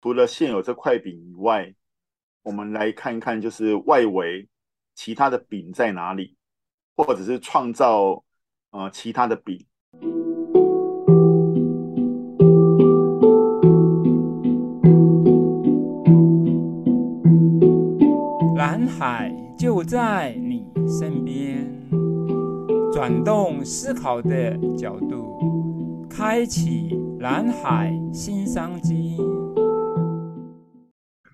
除了現有這塊餅以外，我們來看看，就是外圍其他的餅在哪裡，或者是創造呃其他的餅。藍海就在你身邊，轉動思考的角度，開啟藍海新商機。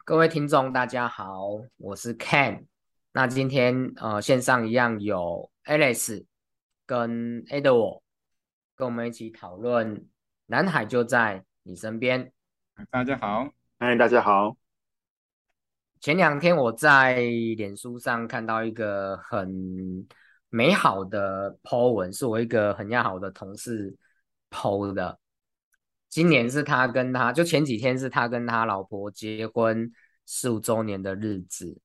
各位聽眾，大家好，我是 Ken。那今天呃，線上一樣有 Alice 跟 Edward 跟我們一起討論《藍海就在你身邊》。大家好，嗨、Hey，大家好。前兩天我在臉書上看到一個很美好的 po 文，是我一個很要好的同事 po 的。今年是他跟他，就前幾天是他跟他老婆結婚十五週年的日子，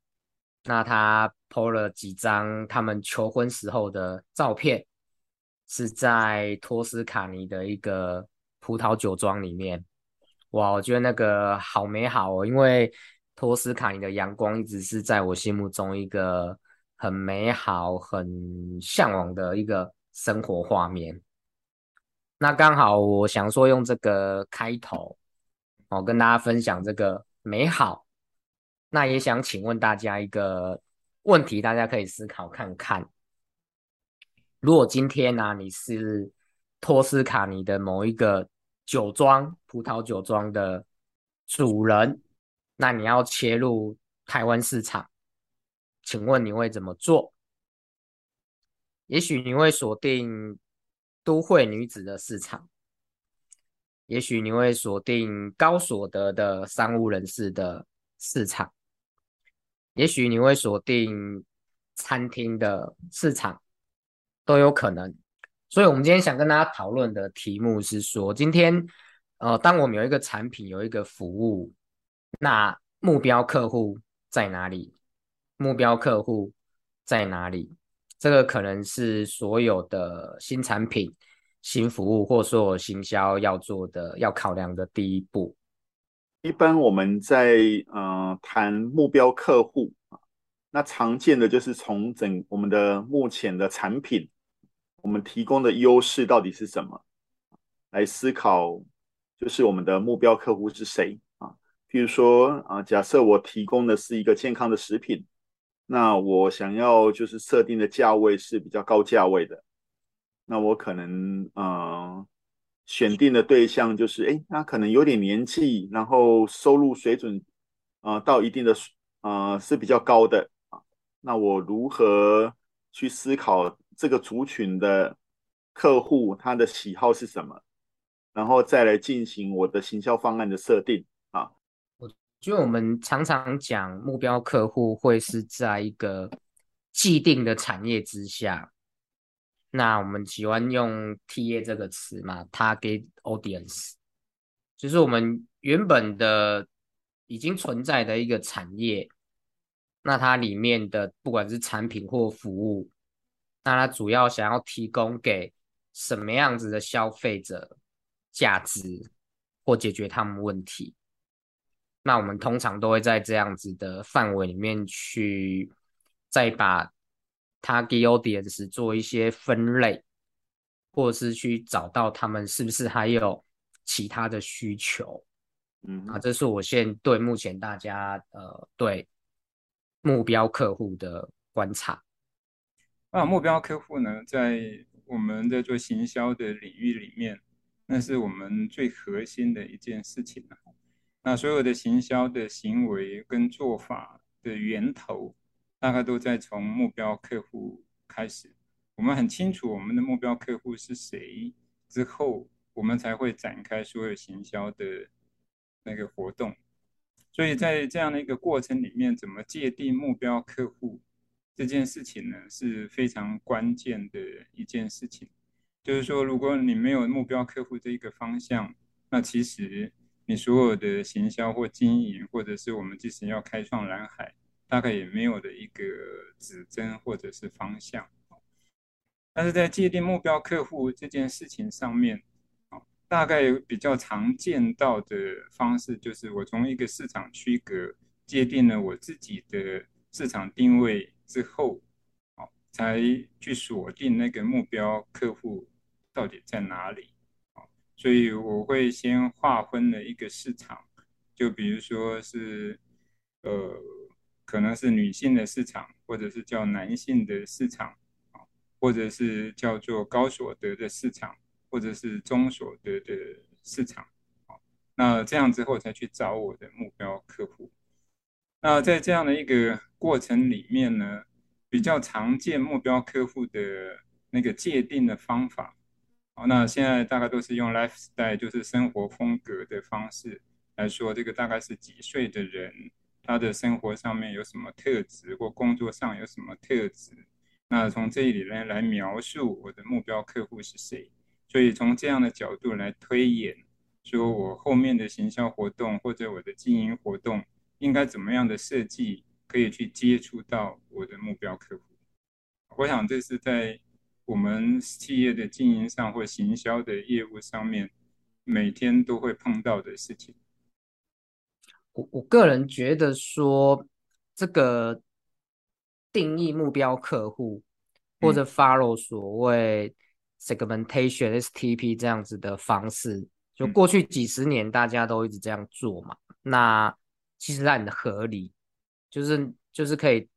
那他 PO 了幾張他們求婚時候的照片，是在托斯卡尼的一個葡萄酒莊裡面，哇，我覺得那個好美好哦，因為托斯卡尼的陽光一直是在我心目中一個很美好、很嚮往的一個生活畫面。那剛好，我想說用這個開頭，我、哦、跟大家分享這個美好。那也想請問大家一個問題，大家可以思考看看。如果今天呢、啊，你是托斯卡尼的某一個酒莊、葡萄酒莊的主人，那你要切入台灣市場，請問你會怎麼做？也許你會鎖定都會女子的市場，也許你會鎖定高所得的商務人士的市場，也許你會鎖定餐廳的市場，都有可能。所以，我們今天想跟大家討論的題目是說，今天，呃，當我們有一個產品，有一個服務，那目標客戶在哪裡？目標客戶在哪裡？這個可能是所有的新產品。新服務或做行銷，要做的要考量的第一步，一般我們在嗯談、呃、目標客戶啊，那常見的就是從整我們的目前的產品，我們提供的優勢到底是什麼，來思考就是我們的目標客戶是誰啊？比如說啊、呃，假設我提供的是一個健康的食品，那我想要就是設定的價位是比較高價位的。那我可能，嗯、呃，選定的對象就是，哎、欸，他可能有點年紀，然後收入水準，啊、呃，到一定的，啊、呃，是比較高的，啊，那我如何去思考這個族群的客戶他的喜好是什麼，然後再來進行我的行銷方案的設定啊？我覺得我們常常講目標客戶會是在一個既定的產業之下。那我們喜歡用 TA 這個詞嘛？Target audience，就是我們原本的已經存在的一個產業，那它裡面的不管是產品或服務，那它主要想要提供給什麼樣子的消費者價值或解決他們問題？那我們通常都會在這樣子的範圍裡面去再把。他給 audience 是做一些分類，或是去找到他們是不是還有其他的需求，嗯啊，這是我先對目前大家呃對目標客戶的觀察。那、啊、目標客戶呢，在我們在做行銷的領域裡面，那是我們最核心的一件事情了。那所有的行銷的行為跟做法的源頭。大概都在從目標客戶開始，我們很清楚我們的目標客戶是誰，之後我們才會展開所有行銷的那個活動。所以在這樣的一個過程裡面，怎麼界定目標客戶這件事情呢，是非常關鍵的一件事情。就是說，如果你沒有目標客戶這一個方向，那其實你所有的行銷或經營，或者是我們即使要開創藍海。大概也沒有的一個指針，或者是方向，但是在界定目標客戶這件事情上面，啊，大概有比較常見到的方式就是我從一個市場區隔界定了我自己的市場定位之後，啊，才去鎖定那個目標客戶到底在哪裡，啊，所以我會先劃分了一個市場，就比如說是，呃。可能是女性的市場，或者是叫男性的市場啊，或者是叫做高所得的市場，或者是中所得的市場啊。那這樣之後才去找我的目標客戶。那在這樣的一個過程裡面呢，比較常見目標客戶的那個界定的方法啊，那現在大概都是用 lifestyle 就是生活風格的方式來說，這個大概是幾歲的人。他的生活上面有什麼特質，或工作上有什麼特質？那從這裡呢，來來描述我的目標客戶是誰。所以從這樣的角度來推演，說我後面的行銷活動或者我的經營活動應該怎麼樣的設計，可以去接觸到我的目標客戶。我想這是在我們企業的經營上或行銷的業務上面，每天都會碰到的事情。我個人覺得說，這個定義目標客戶或者 follow 所謂 segmentation、STP 這樣子的方式，就過去幾十年大家都一直這樣做嘛。那其實那很合理，就是就是可以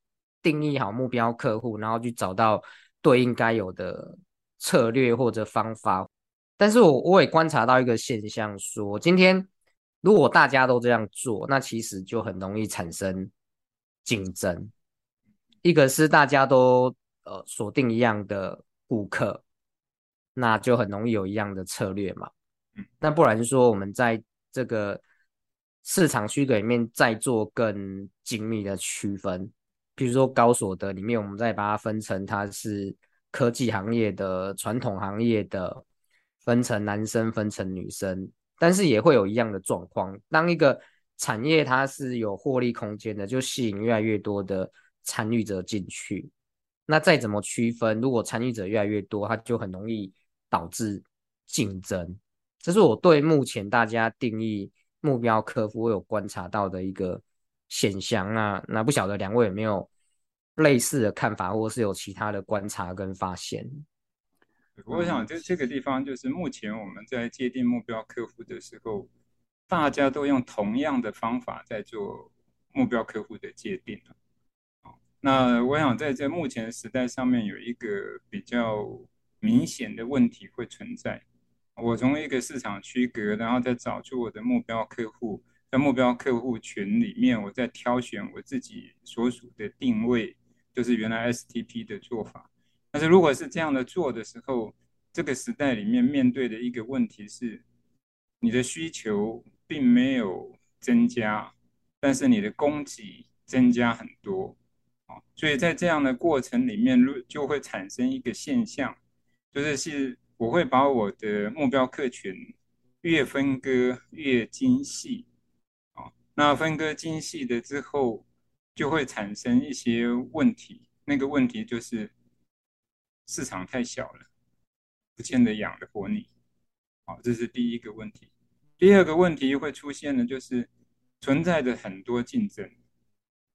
定義好目標客戶，然後去找到對應該有的策略或者方法。但是我我也觀察到一個現象，說今天。如果大家都這樣做，那其實就很容易產生競爭。一個是大家都呃鎖定一樣的顧客，那就很容易有一樣的策略嘛。那不然說我們在這個市場區隔裡面再做更精密的區分，比如說高所得裡面，我們再把它分成它是科技行業的、傳統行業的，分成男生、分成女生。但是也會有一樣的狀況，當一個產業它是有獲利空間的，就吸引越來越多的參與者進去。那再怎麼區分，如果參與者越來越多，它就很容易導致競爭。這是我對目前大家定義目標客戶我有觀察到的一個現象啊。那不曉得兩位有沒有類似的看法，或是有其他的觀察跟發現？我想，就這個地方，就是目前我們在界定目標客戶的時候，大家都用同樣的方法在做目標客戶的界定。哦，那我想，在這目前時代上面，有一個比較明顯的問題會存在。我從一個市場區隔，然後再找出我的目標客戶，在目標客戶群裡面，我再挑選我自己所屬的定位，就是原來 STP 的做法。但是，如果是這樣的做的時候，這個時代裡面面對的一個問題是，你的需求並沒有增加，但是你的供給增加很多，啊，所以在這樣的過程裡面，如就會產生一個現象，就是是我會把我的目標客群越分割越精細，啊，那分割精細的之後，就會產生一些問題，那個問題就是。市場太小了，不見得養得活你。好，這是第一個問題。第二個問題會出現的就是存在着很多競爭，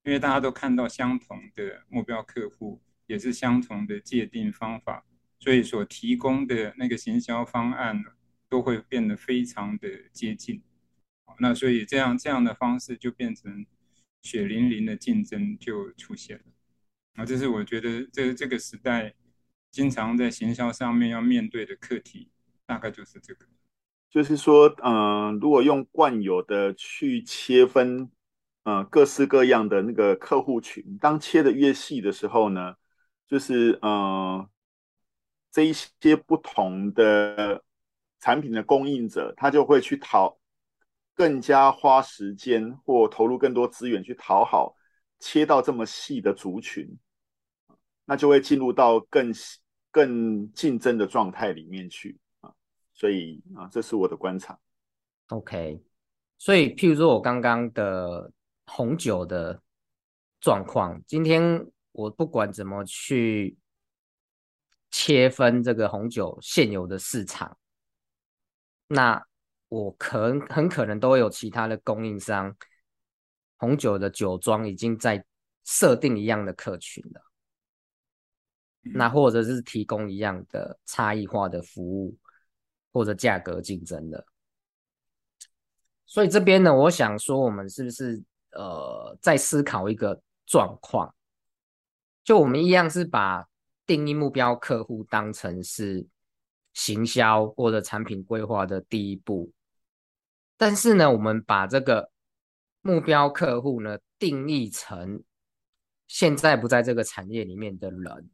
因為大家都看到相同的目標客戶，也是相同的界定方法，所以所提供的那個行銷方案呢，都會變得非常的接近。好，那所以這樣這樣的方式就變成血淋淋的競爭就出現了。啊，這是我覺得這這個時代。經常在行銷上面要面對的課題，大概就是這個，就是說，嗯、呃，如果用慣有的去切分，嗯、呃，各式各樣的那個客戶群，當切的越細的時候呢，就是，嗯、呃，這一些不同的產品的供應者，他就會去討，更加花時間或投入更多資源去討好，切到這麼細的族群。那就會進入到更更競爭的狀態裡面去啊，所以啊，這是我的觀察。OK，所以譬如說我剛剛的紅酒的狀況，今天我不管怎麼去切分這個紅酒現有的市場，那我可很可能都有其他的供應商，紅酒的酒莊已經在設定一樣的客群了。那或者是提供一樣的差異化的服務，或者價格競爭的。所以這邊呢，我想說，我們是不是呃在思考一個狀況？就我們一樣是把定義目標客戶當成是行銷或者產品規劃的第一步，但是呢，我們把這個目標客戶呢定義成現在不在這個產業裡面的人。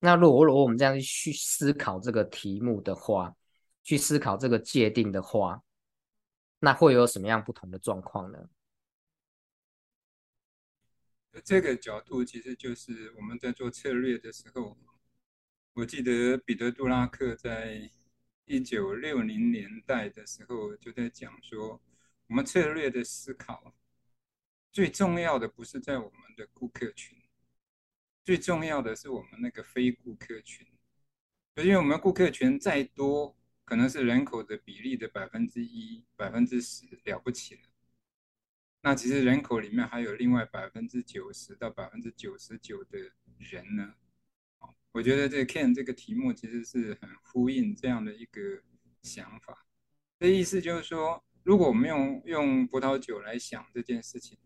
那如果如果我們這樣去思考這個題目的話，去思考這個界定的話，那會有什麼樣不同的狀況呢？而這個角度其實就是我們在做策略的時候，我記得彼得·杜拉克在一九六零年代的時候就在講說，我們策略的思考，最重要的不是在我們的顧客群。最重要的是，我們那個非顧客群，因為我們顧客群再多，可能是人口的比例的百分之一、百分之十了不起了。那其實人口裡面還有另外百分之九十到百分之九十九的人呢。我覺得這個 Ken 這個題目其實是很呼應這樣的一個想法。這意思就是說，如果我們用用葡萄酒來想這件事情，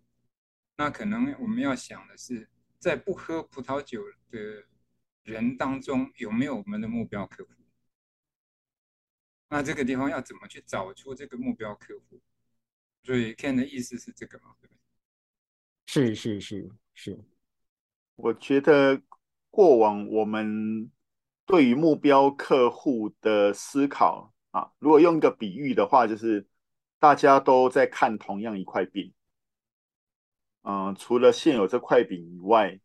那可能我們要想的是。在不喝葡萄酒的人當中，有沒有我們的目標客戶？那這個地方要怎麼去找出這個目標客戶？所以 Ken 的意思是這個嗎？是是是是，我覺得過往我們對於目標客戶的思考啊，如果用一個比喻的話，就是大家都在看同樣一塊餅。嗯、呃，除了現有這塊餅以外，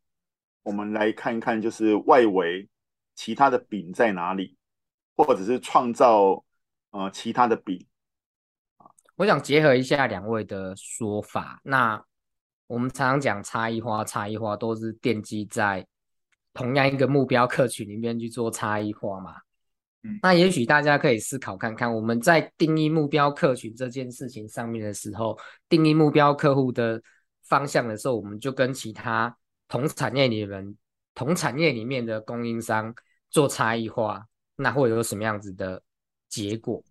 我們來看看，就是外圍其他的餅在哪裡，或者是創造呃其他的餅。我想結合一下兩位的說法，那我們常常講差異化，差異化都是奠基在同樣一個目標客群裡面去做差異化嘛。嗯、那也許大家可以思考看看，我們在定義目標客群這件事情上面的時候，定義目標客戶的方向的時候，我們就跟其他同產業裡面、同產業裡面的供應商做差異化，那會有什麼樣子的結果？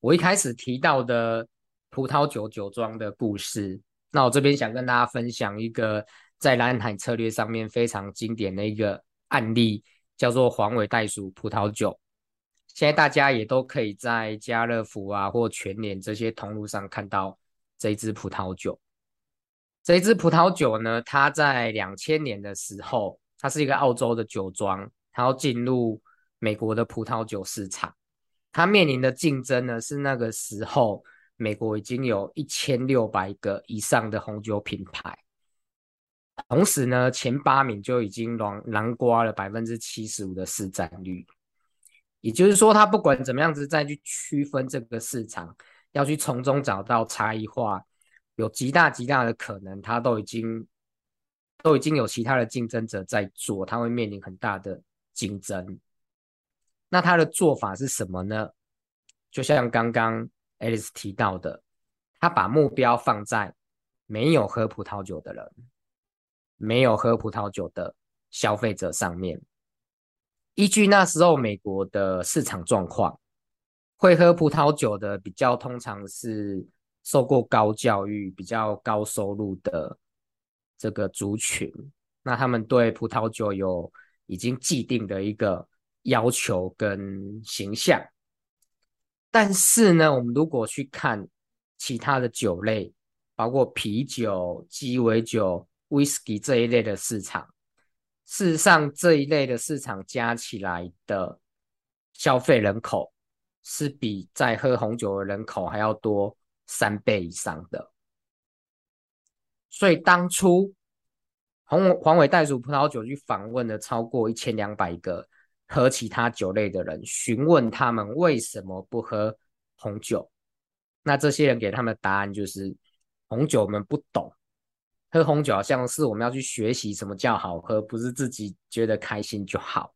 我一開始提到的葡萄酒酒莊的故事，那我這邊想跟大家分享一個在藍海策略上面非常經典的一個案例，叫做黃尾袋鼠葡萄酒。現在大家也都可以在家樂福啊或全聯這些通路上看到這一支葡萄酒。這一支葡萄酒呢，它在兩千年的時候，它是一個澳洲的酒莊，它要進入美國的葡萄酒市場。它面臨的競爭呢，是那個時候美國已經有一千六百個以上的紅酒品牌，同時呢，前八名就已經囊囊括了百分之七十五的市占率。也就是說，它不管怎麼樣子再去區分這個市場，要去從中找到差異化。有極大極大的可能，他都已經都已經有其他的競爭者在做，他會面臨很大的競爭。那他的做法是什麼呢？就像剛剛 Alice 提到的，他把目標放在沒有喝葡萄酒的人、沒有喝葡萄酒的消費者上面。依據那時候美國的市場狀況，會喝葡萄酒的比較通常是。受過高教育、比較高收入的這個族群，那他們對葡萄酒有已經既定的一個要求跟形象。但是呢，我們如果去看其他的酒類，包括啤酒、雞尾酒、威士忌這一類的市場，事實上這一類的市場加起來的消費人口是比在喝紅酒的人口還要多。三倍以上的，所以當初紅黃尾袋鼠葡萄酒去訪問了超過一千兩百個喝其他酒類的人，詢問他們為什麼不喝紅酒？那這些人給他們的答案就是：紅酒我們不懂，喝紅酒好像是我們要去學習什麼叫好喝，不是自己覺得開心就好。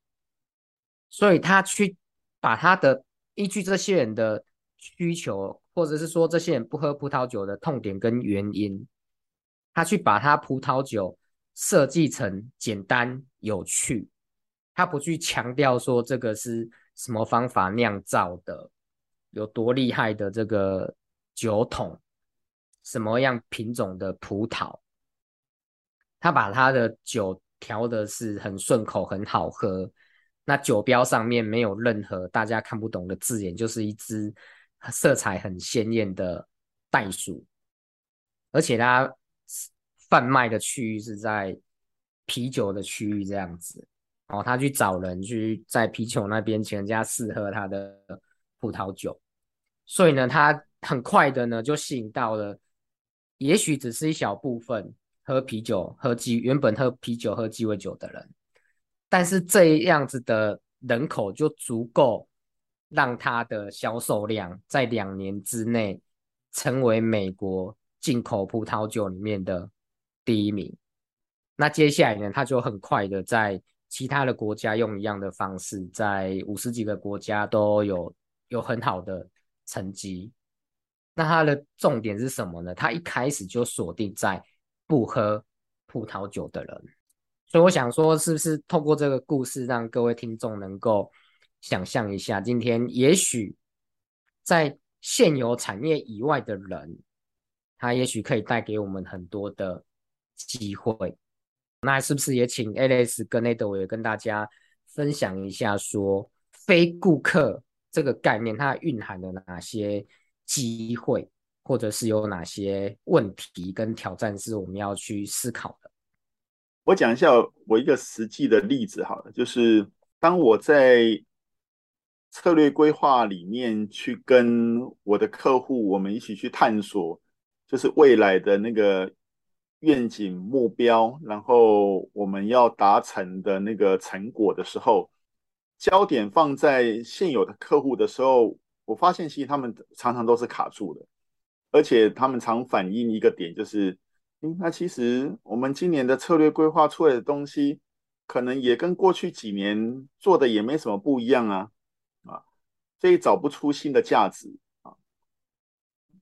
所以他去把他的，依據這些人的需求。或者是說這些人不喝葡萄酒的痛點跟原因，他去把他葡萄酒設計成簡單有趣，他不去強調說這個是什麼方法釀造的，有多厲害的這個酒桶，什麼樣品種的葡萄，他把他的酒調的是很順口很好喝，那酒標上面沒有任何大家看不懂的字眼，就是一支。色彩很鮮豔的袋鼠，而且他販賣的區域是在啤酒的區域這樣子，然後他去找人去在啤酒那邊，請人家試喝他的葡萄酒，所以呢，他很快的呢就吸引到了，也許只是一小部分喝啤酒、喝雞原本喝啤酒、喝雞尾酒的人，但是這樣子的人口就足夠。讓他的銷售量在兩年之內成為美國進口葡萄酒裡面的第一名。那接下來呢，他就很快的在其他的國家用一樣的方式，在五十幾個國家都有有很好的成績。那他的重點是什麼呢？他一開始就鎖定在不喝葡萄酒的人。所以我想說，是不是透過這個故事，讓各位聽眾能夠。想象一下，今天也許在現有產業以外的人，他也許可以帶給我們很多的機會。那是不是也請 Alice 跟 Nate，我也跟大家分享一下說，說非顧客這個概念它蘊含了哪些機會，或者是有哪些問題跟挑戰是我們要去思考的？我講一下我一個實際的例子好了，就是當我在策略規劃裡面去跟我的客戶，我們一起去探索，就是未來的那個願景目標，然後我們要達成的那個成果的時候，焦點放在現有的客戶的時候，我發現其實他們常常都是卡住的，而且他們常反映一個點就是，嗯，那其實我們今年的策略規劃出來的東西，可能也跟過去幾年做的也沒什麼不一樣啊。所以找不出新的價值啊。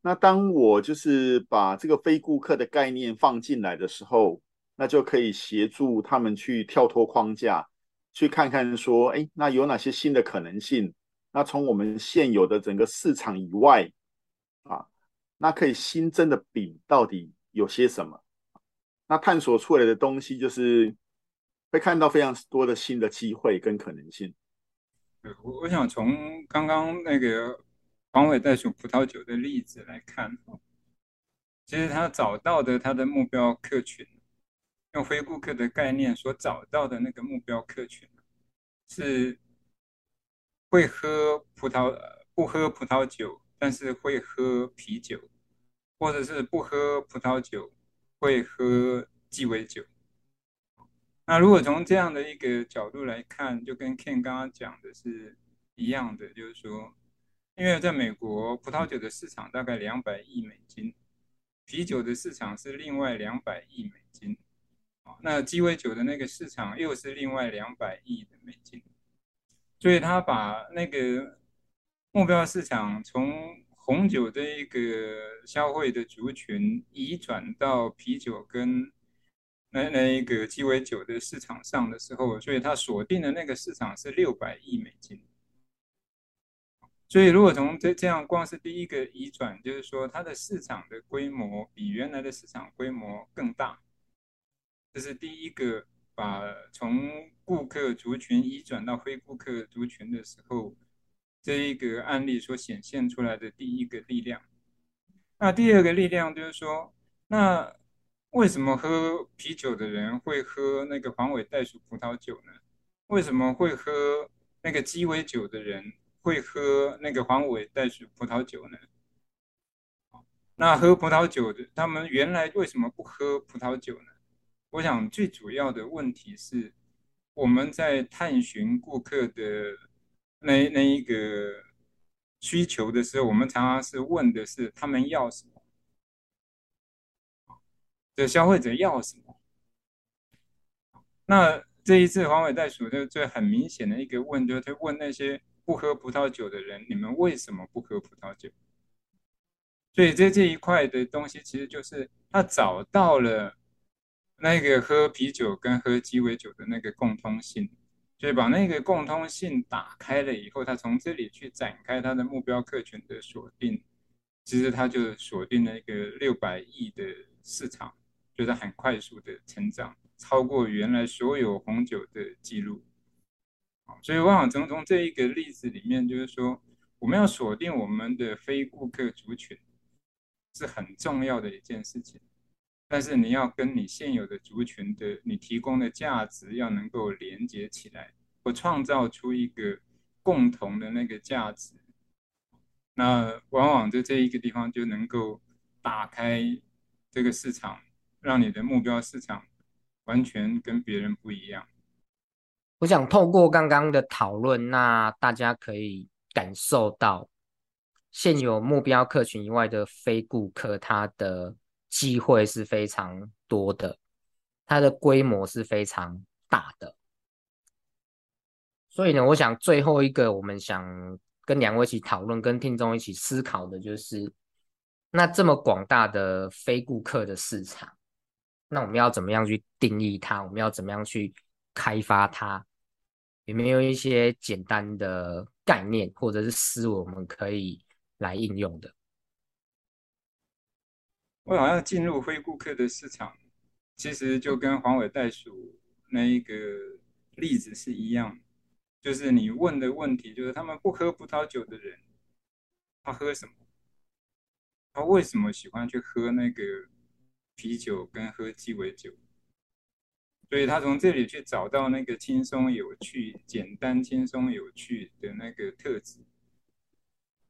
那當我就是把這個非顧客的概念放進來的時候，那就可以協助他們去跳脫框架，去看看說，哎、欸，那有哪些新的可能性？那從我們現有的整個市場以外啊，那可以新增的餅到底有些什麼？那探索出來的東西，就是會看到非常多的新的機會跟可能性。對我，我想從剛剛那個黃尾袋鼠葡萄酒的例子來看，其實他找到的他的目標客群，用非顧客的概念所找到的那個目標客群，是會喝葡萄不喝葡萄酒，但是會喝啤酒，或者是不喝葡萄酒會喝雞尾酒。那如果從這樣的一個角度來看，就跟 Ken 剛剛講的是一樣的，就是說，因為在美國，葡萄酒的市場大概兩百億美金，啤酒的市場是另外兩百億美金，那雞尾酒的那個市場又是另外兩百億的美金，所以他把那個目標市場從紅酒的一個消費的族群移轉到啤酒跟。那那一個雞尾酒的市場上的時候，所以它鎖定的那個市場是六百億美金。所以如果從這這樣，光是第一個移轉，就是說它的市場的規模比原來的市場規模更大，這是第一個把從顧客族群移轉到非顧客族群的時候，這一個案例所顯現出來的第一個力量。那第二個力量就是說，那為什麼喝啤酒的人會喝那個黃尾袋鼠葡萄酒呢？為什麼會喝那個雞尾酒的人會喝那個黃尾袋鼠葡萄酒呢？那喝葡萄酒的，他們原來為什麼不喝葡萄酒呢？我想最主要的問題是，我們在探尋顧客的那那一個需求的時候，我們常常是問的是他們要什麼？這消費者要什麼？那這一次黃尾袋鼠就最很明顯的一個問，就是他問那些不喝葡萄酒的人，你們為什麼不喝葡萄酒？所以這這一塊的東西，其實就是他找到了那個喝啤酒跟喝雞尾酒的那個共通性，所以把那個共通性打開了以後，他從這裡去展開他的目標客群的鎖定，其實他就鎖定了一個六百億的市場。就是很快速的成長，超過原來所有紅酒的記錄，好，所以我想從從這一個例子裡面，就是說我們要鎖定我們的非顧客族群是很重要的一件事情，但是你要跟你現有的族群的你提供的價值要能夠連接起來，或創造出一個共同的那個價值，那往往在這一個地方就能夠打開這個市場。讓你的目標市場完全跟別人不一樣。我想透過剛剛的討論，那大家可以感受到，現有目標客群以外的非顧客，他的機會是非常多的，他的規模是非常大的。所以呢，我想最後一個我們想跟兩位一起討論、跟聽眾一起思考的，就是那這麼廣大的非顧客的市場。那我們要怎麼樣去定義它？我們要怎麼樣去開發它？有沒有一些簡單的概念或者是思維，我們可以來應用的？我好像進入非顧客的市場，其實就跟黃尾袋鼠那一個例子是一樣，就是你問的問題，就是他們不喝葡萄酒的人，他喝什麼？他為什麼喜歡去喝那個？啤酒跟喝雞尾酒，所以他從這裡去找到那個輕鬆有趣、簡單輕鬆有趣的那個特質。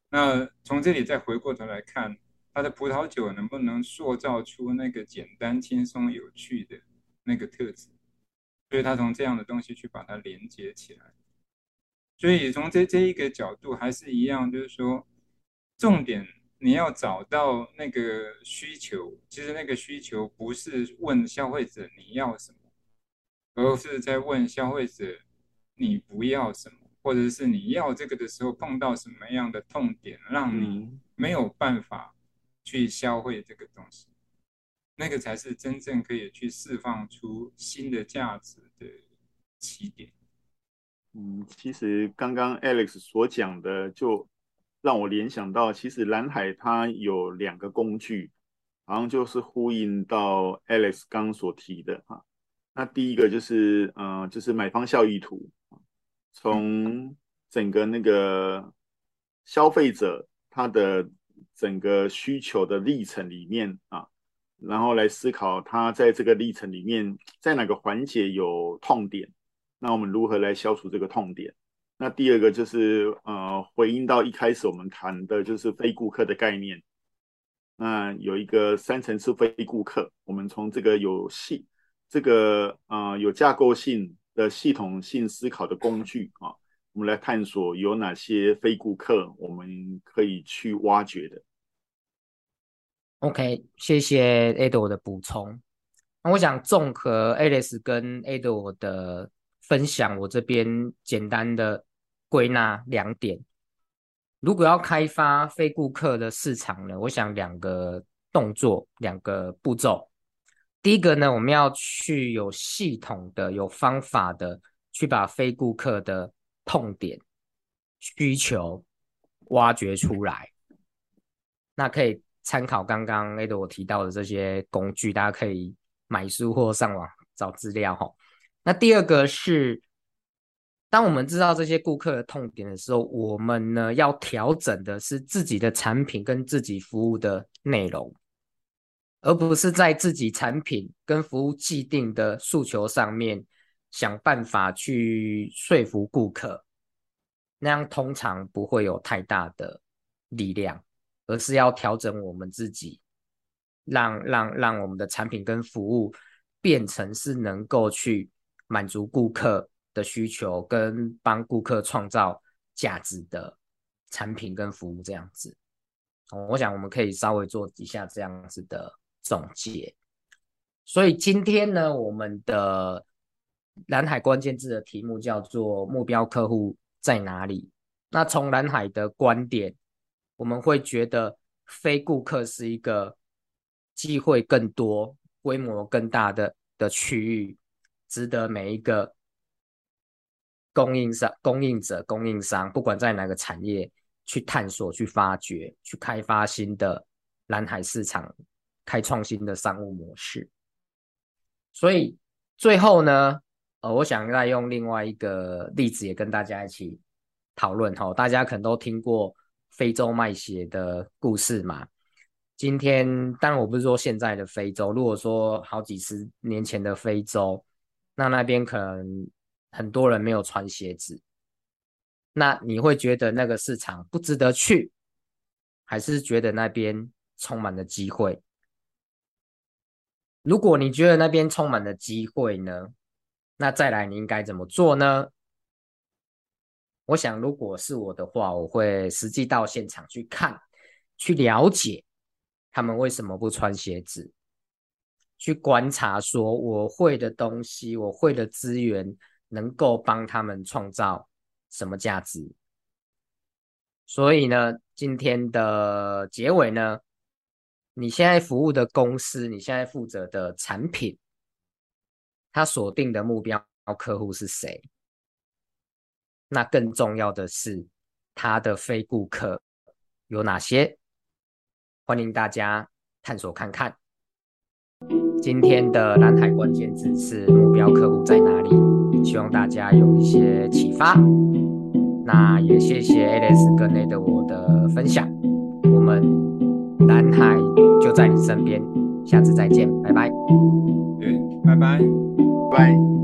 那從這裡再回過頭來看，他的葡萄酒能不能塑造出那個簡單輕鬆有趣的那個特質？所以他從這樣的東西去把它連接起來。所以從這這一個角度還是一樣，就是說重點。你要找到那個需求，其實那個需求不是問消費者你要什麼，而是在問消費者你不要什麼，或者是你要這個的時候碰到什麼樣的痛點，讓你沒有辦法去消費這個東西，嗯、那個才是真正可以去釋放出新的價值的起點。嗯，其實剛剛 Alex 所講的就。讓我聯想到，其實藍海它有兩個工具，好像就是呼應到 Alex 剛剛所提的哈、啊。那第一個就是，嗯、呃，就是買方效益圖，從整個那個消費者他的整個需求的歷程裡面啊，然後來思考他在這個歷程裡面在哪個環節有痛點，那我們如何來消除這個痛點？那第二個就是呃，回應到一開始我們談的就是非顧客的概念。那有一個三層次非顧客，我們從這個有系這個啊、呃、有架構性的系統性思考的工具啊，我們來探索有哪些非顧客我們可以去挖掘的。OK，謝謝 Ado 的補充。我想綜合 Alice 跟 Ado 的分享，我這邊簡單的。歸納兩點，如果要開發非顧客的市場呢？我想兩個動作，兩個步驟。第一個呢，我們要去有系統的、有方法的去把非顧客的痛點需求挖掘出來。那可以參考剛剛 Ada 我提到的這些工具，大家可以買書或上網找資料哈。那第二個是。當我們知道這些顧客的痛點的時候，我們呢要調整的是自己的產品跟自己服務的內容，而不是在自己產品跟服務既定的訴求上面想辦法去說服顧客，那樣通常不會有太大的力量，而是要調整我們自己，讓讓讓我們的產品跟服務變成是能夠去滿足顧客。的需求跟幫顧客創造價值的產品跟服務這樣子，我想我們可以稍微做一下這樣子的總結。所以今天呢，我們的藍海關鍵字的題目叫做“目標客戶在哪裡”。那從藍海的觀點，我們會覺得非顧客是一個機會更多、規模更大的的區域，值得每一個。供應商、供應者、供應商，不管在哪個產業，去探索、去發掘、去開發新的藍海市場，開創新的商務模式。所以最後呢，呃、哦，我想再用另外一個例子，也跟大家一起討論哈、哦。大家可能都聽過非洲賣血的故事嘛？今天，當然我不是說現在的非洲。如果說好幾十年前的非洲，那那邊可能。很多人沒有穿鞋子，那你會覺得那個市場不值得去，還是覺得那邊充滿了機會？如果你覺得那邊充滿了機會呢，那再來你應該怎麼做呢？我想，如果是我的話，我會實際到現場去看，去了解他們為什麼不穿鞋子，去觀察說我會的東西，我會的資源。能夠幫他們創造什麼價值？所以呢，今天的結尾呢，你現在服務的公司，你現在負責的產品，他鎖定的目標客戶是誰？那更重要的是，他的非顧客有哪些？歡迎大家探索看看。今天的藍海關鍵字是目標客戶在哪裡，希望大家有一些啟發。那也謝謝 Alice 跟 A 的我的分享，我們藍海就在你身邊，下次再見，拜拜。嗯，拜拜，拜，拜。